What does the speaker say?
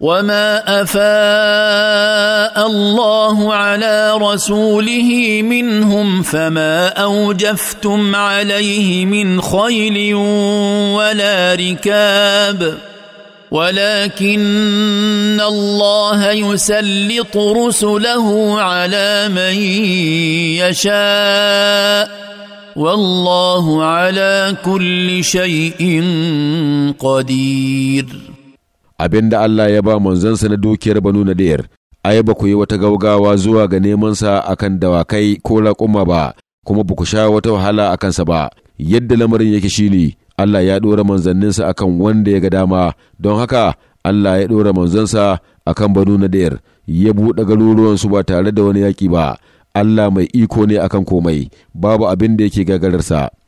وما افاء الله على رسوله منهم فما اوجفتم عليه من خيل ولا ركاب ولكن الله يسلط رسله على من يشاء والله على كل شيء قدير abin da Allah ya ba manzansa na dukiyar Banu Nadir, ai, ba ku yi wata gaugawa zuwa ga nemansa akan dawakai ko raƙuma ba, kuma ba ku sha wata wahala a kansa ba, yadda lamarin yake shi ne, Allah ya ɗora manzanninsa akan wanda ya ga dama, don haka Allah ya ɗora manzansa akan Banu na Nadir, ya buɗe garuruwansu ba tare da wani yaƙi ba, Allah mai iko ne akan komai, babu abin da yake gagararsa.